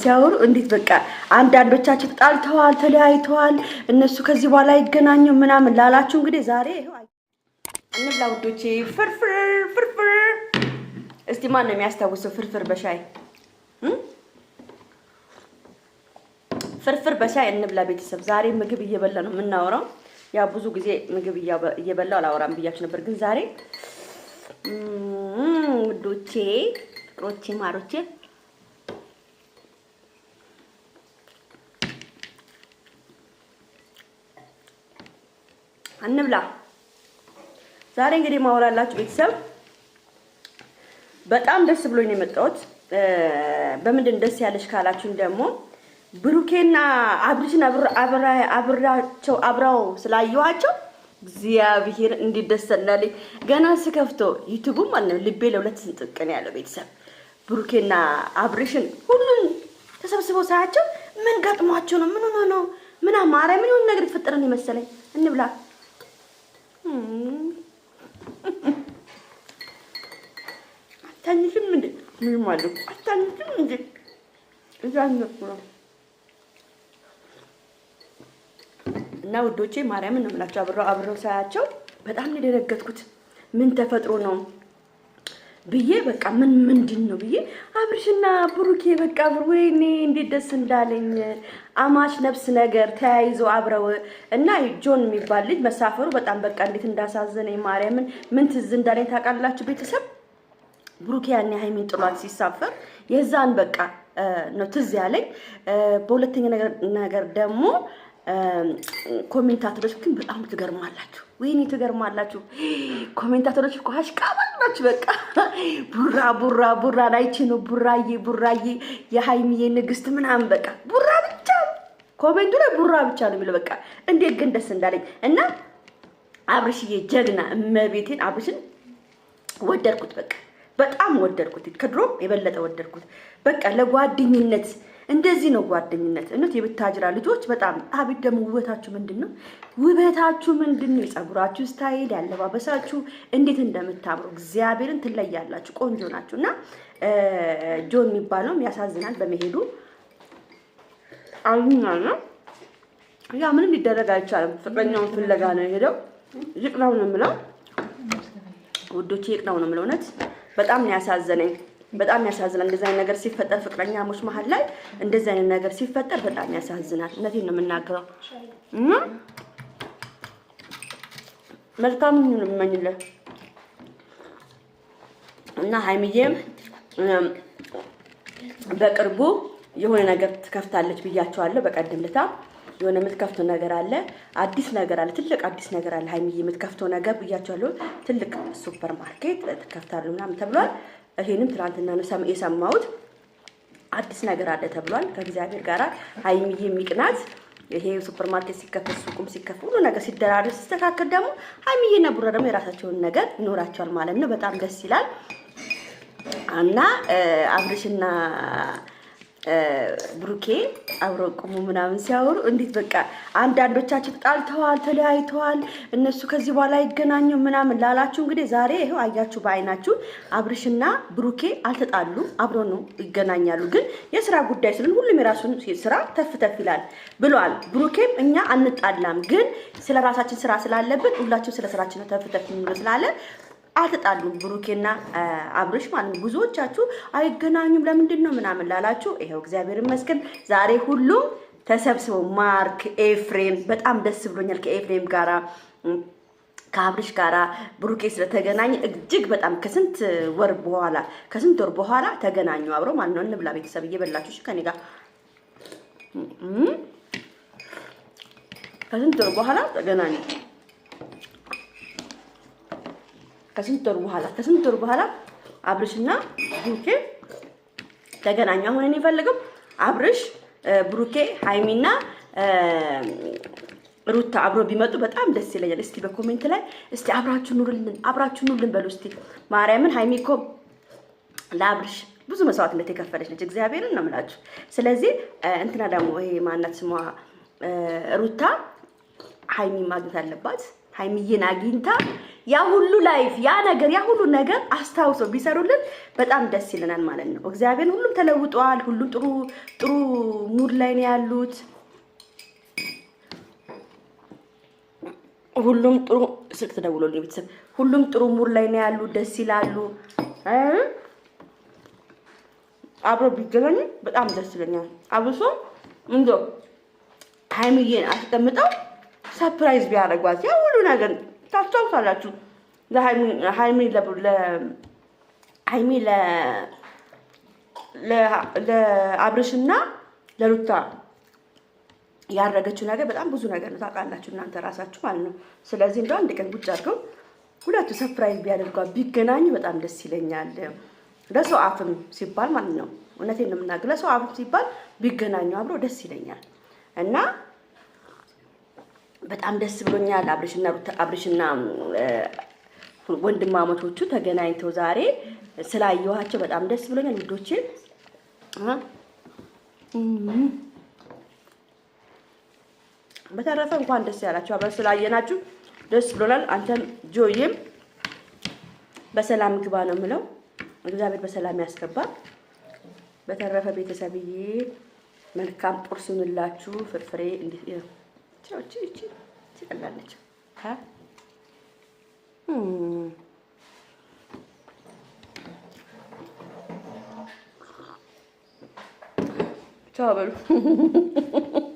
ሲያወሩ እንዴት በቃ አንዳንዶቻችሁ ጣልተዋል ተለያይተዋል፣ እነሱ ከዚህ በኋላ ይገናኙ ምናምን ላላችሁ እንግዲህ ዛሬ እንብላ ውዶቼ። ፍርፍር ፍርፍር። እስቲ ማን ነው የሚያስታውሰው ፍርፍር በሻይ ፍርፍር በሻይ እንብላ ቤተሰብ። ዛሬ ምግብ እየበላ ነው የምናወራው። ያው ብዙ ጊዜ ምግብ እየበላው አላወራም ብያችሁ ነበር፣ ግን ዛሬ ውዶቼ፣ ሮቼ ማሮቼ አንብላ። ዛሬ እንግዲህ ማወራላችሁ ቤተሰብ በጣም ደስ ብሎኝ ነው የመጣሁት። በምንድን ደስ ያለሽ ካላችሁን ደግሞ ብሩኬና አብሪሽን አብራቸው አብራው ስላየኋቸው እግዚአብሔር እንዴት ገና ስከፍቶ ዩቲዩብም አለ ልቤ ለሁለት ስንጥቅ ነው ያለው ቤተሰብ ብሩኬና አብርሽን ሁሉን ተሰብስበው ሳያቸው ምን ገጥሟቸው ነው? ምን ሆኖ ነው? ምን አማራ ምን ይሁን ነገር የተፈጠረን ይመሰለኝ። እንብላ አታኝሽም እንዴ? ምንም አለኩ አታኝሽም እንዴ? እያነኩ ነው። እና ውዶቼ ማርያምን ነው የምላቸው አብረው አብረው ሳያቸው በጣም ነው የደነገጥኩት። ምን ተፈጥሮ ነው ብዬ በቃ ምን ምንድን ነው ብዬ አብርሽና ብሩኬ በቃ ወይኔ እንዴት ደስ እንዳለኝ አማች ነፍስ ነገር ተያይዞ አብረው እና ጆን የሚባል ልጅ መሳፈሩ በጣም በቃ እንዴት እንዳሳዘነኝ ማርያምን ምን ትዝ እንዳለኝ ታውቃላችሁ ቤተሰብ ብሩኬ ያኔ ሀይሚን ጥሏት ሲሳፈር የዛን በቃ ነው ትዝ ያለኝ በሁለተኛ ነገር ደግሞ ኮሜንታተሮች ግን በጣም ትገርማላችሁ። ወይኔ ትገርማላችሁ። ኮሜንታተሮች እኮ አሽቃባጭ ናችሁ። በቃ ቡራ ቡራ ቡራ ላይቺ ነው ቡራዬ ቡራዬ የሀይሚዬ ንግስት ምናምን በቃ ቡራ ብቻ ኮሜንቱ ላይ ቡራ ብቻ ነው የሚለው። በቃ እንዴት ግን ደስ እንዳለኝ እና አብርሽዬ ጀግና እመቤቴን አብርሽን ወደድኩት። በቃ በጣም ወደድኩት። ከድሮም የበለጠ ወደድኩት። በቃ ለጓደኝነት እንደዚህ ነው ጓደኝነት። እውነት የብታጅራ ልጆች በጣም አቤት! ደግሞ ውበታችሁ ምንድን ነው? ውበታችሁ ምንድን ነው? የጸጉራችሁ ስታይል፣ ያለባበሳችሁ እንዴት እንደምታምሩ እግዚአብሔርን ትለያላችሁ። ቆንጆ ናችሁ። እና ጆን የሚባለውም ያሳዝናል በመሄዱ አሉኛ ነው። ያ ምንም ሊደረግ አይቻልም። ፍቅረኛውን ፍለጋ ነው የሄደው። ይቅናው ነው የምለው ውዶቼ፣ ይቅናው ነው የምለው። እውነት በጣም ነው ያሳዘነኝ። በጣም ያሳዝናል። እንደዚህ አይነት ነገር ሲፈጠር ፍቅረኛሞች መሀል ላይ እንደዚህ አይነት ነገር ሲፈጠር በጣም ያሳዝናል። እውነቴን ነው የምናገረው። መልካም ነው የምመኝልህ እና ሀይሚዬም በቅርቡ የሆነ ነገር ትከፍታለች ብያቸዋለሁ። በቀደም ለታ የሆነ የምትከፍተው ነገር አለ፣ አዲስ ነገር አለ፣ ትልቅ አዲስ ነገር አለ። ሀይሚዬ የምትከፍተው ነገር ብያቸዋለሁ። ትልቅ ሱፐር ማርኬት ትከፍታለሁ ምናምን ተብሏል። ይሄንም ትናንትና ነው የሰማሁት። አዲስ ነገር አለ ተብሏል። ከእግዚአብሔር ጋር ሀይሚዬ የሚቅናት ይሄ ሱፐር ማርኬት ሲከፈት ሱቁም ሲከፈት ሁሉ ነገር ሲደራረስ ሲስተካከል ደግሞ ሀይሚዬና ቡራ ደግሞ የራሳቸውን ነገር ይኖራቸዋል ማለት ነው። በጣም ደስ ይላል እና አብርሽና ብሩኬ አብሮ ቁሙ ምናምን ሲያወሩ እንዴት በቃ አንዳንዶቻችሁ ተጣልተዋል፣ ተለያይተዋል፣ እነሱ ከዚህ በኋላ ይገናኙ ምናምን ላላችሁ እንግዲህ ዛሬ ይኸው አያችሁ በአይናችሁ አብርሽና ብሩኬ አልተጣሉ አብሮ ነው ይገናኛሉ። ግን የስራ ጉዳይ ስልን ሁሉም የራሱን ስራ ተፍ ተፍ ይላል ብሏል። ብሩኬም እኛ አንጣላም፣ ግን ስለ ራሳችን ስራ ስላለብን ሁላችሁ ስለ ስራችን ተፍ ተፍ ስላለ አልተጣሉም። ብሩኬና አብርሽ ማለት ነው። ብዙዎቻችሁ አይገናኙም ለምንድን ነው ምናምን ላላችሁ ይኸው እግዚአብሔር ይመስገን ዛሬ ሁሉም ተሰብስበው ማርክ ኤፍሬም፣ በጣም ደስ ብሎኛል ከኤፍሬም ጋራ ከአብርሽ ጋራ ብሩኬ ስለተገናኘ እጅግ በጣም ከስንት ወር በኋላ ከስንት ወር በኋላ ተገናኙ አብረው ማለት ነው። እንብላ ቤተሰብ እየበላችሁ እሺ። ከኔ ጋር ከስንት ወር በኋላ ተገናኙ። ከስንት ወር በኋላ ከስንት ወር በኋላ አብርሽና ብሩኬ ተገናኙ። አሁን እኔ ፈልገው አብርሽ፣ ብሩኬ፣ ሃይሚና ሩታ አብሮ ቢመጡ በጣም ደስ ይለኛል። እስቲ በኮሜንት ላይ እስቲ አብራችሁ ኑርልን፣ አብራችሁ ኑርልን በሉ እስቲ። ማርያምን ሃይሚ እኮ ለአብርሽ ብዙ መስዋዕትነት የከፈለች ልጅ እግዚአብሔርን ነው የምላችሁ። ስለዚህ እንትና ደግሞ ይሄ ማናት ስሟ ሩታ ሃይሚ ማግኘት አለባት። ሀይሚዬን አግኝታ ያ ሁሉ ላይፍ ያ ነገር ያ ሁሉ ነገር አስታውሰው ቢሰሩልን በጣም ደስ ይለናል ማለት ነው። እግዚአብሔር ሁሉም ተለውጠዋል። ሁሉም ጥሩ ጥሩ ሙድ ላይ ነው ያሉት። ሁሉም ጥሩ ስልክ ተደውሎልኝ ቤተሰብ ሁሉም ጥሩ ሙድ ላይ ነው ያሉት። ደስ ይላሉ። አብሮ ቢገናኙ በጣም ደስ ይለኛል። አብሶ እንዶ ሀይሚዬን አስቀምጠው ሰፕራይዝ ቢያደርጓት ያ ሁሉ ነገር ታስታውሳላችሁ። ለሀይሚ ሀይሚ ለአብርሽና ለሩታ ያደረገችው ነገር በጣም ብዙ ነገር ነው። ታውቃላችሁ እናንተ ራሳችሁ ማለት ነው። ስለዚህ እንደው አንድ ቀን ቁጭ አድርገው ሁለቱ ሰፕራይዝ ቢያደርጓት ቢገናኙ በጣም ደስ ይለኛል። ለሰው አፍም ሲባል ማለት ነው። እውነቴን ነው የምናገር። ለሰው አፍም ሲባል ቢገናኙ አብሮ ደስ ይለኛል እና በጣም ደስ ብሎኛል። አብርሽና አብርሽና ወንድማማቾቹ ተገናኝተው ዛሬ ስላየኋቸው በጣም ደስ ብሎኛል ውዶቼ። በተረፈ እንኳን ደስ ያላችሁ አብረን ስላየናችሁ ደስ ብሎናል። አንተም ጆዬም በሰላም ግባ ነው የምለው። እግዚአብሔር በሰላም ያስገባ። በተረፈ ቤተሰብዬ መልካም ቁርስ ይሁንላችሁ። ፍርፍሬ እቺ እቺ ትቀላለች። ቻው በሉ።